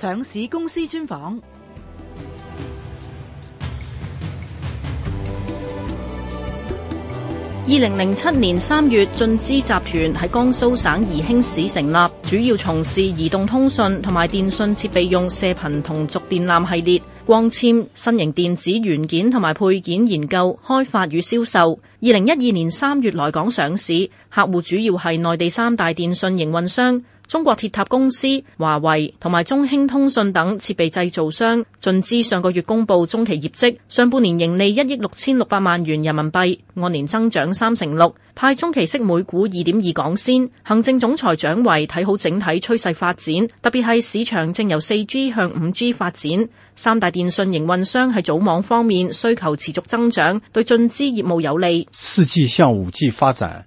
上市公司專訪。二零零七年三月，俊知集團喺江蘇省宜興市成立，主要從事移動通訊同埋電信設備用射頻同軸電纜系列、光纖、新型電子元件同埋配件研究、開發與銷售。二零一二年三月來港上市，客戶主要係內地三大電信營運商。中國鐵塔公司、華為同埋中興通訊等設備製造商，俊知上個月公布中期業績，上半年盈利一億六千六百萬元人民幣，按年增長三成六，派中期息每股二點二港仙。行政總裁蔣唯睇好整體趨勢發展，特別係市場正由四 G 向五 G 發展，三大電信營運商喺組網方面需求持續增長，對俊知業務有利。四 G 向五 G 發展。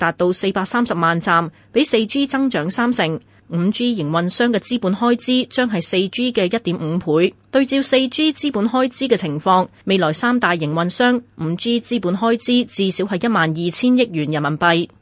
達到四百三十萬站，比四 G 增長三成。五 G 營運商嘅資本開支將係四 G 嘅一點五倍。對照四 G 資本開支嘅情況，未來三大營運商五 G 資本開支至少係一萬二千億元人民幣。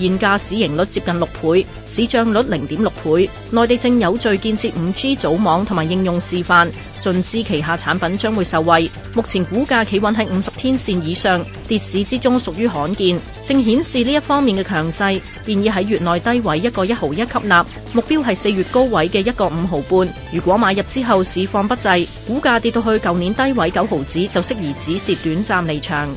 現價市盈率接近六倍，市賬率零點六倍。內地正有序建設 5G 組網同埋應用示範，俊知旗下產品將會受惠。目前股價企穩喺五十天綫以上，跌市之中屬於罕見，正顯示呢一方面嘅強勢。建議喺月內低位一個一毫一吸納，目標係四月高位嘅一個五毫半。如果買入之後市況不濟，股價跌到去舊年低位九毫子，就適宜止蝕短暫離場。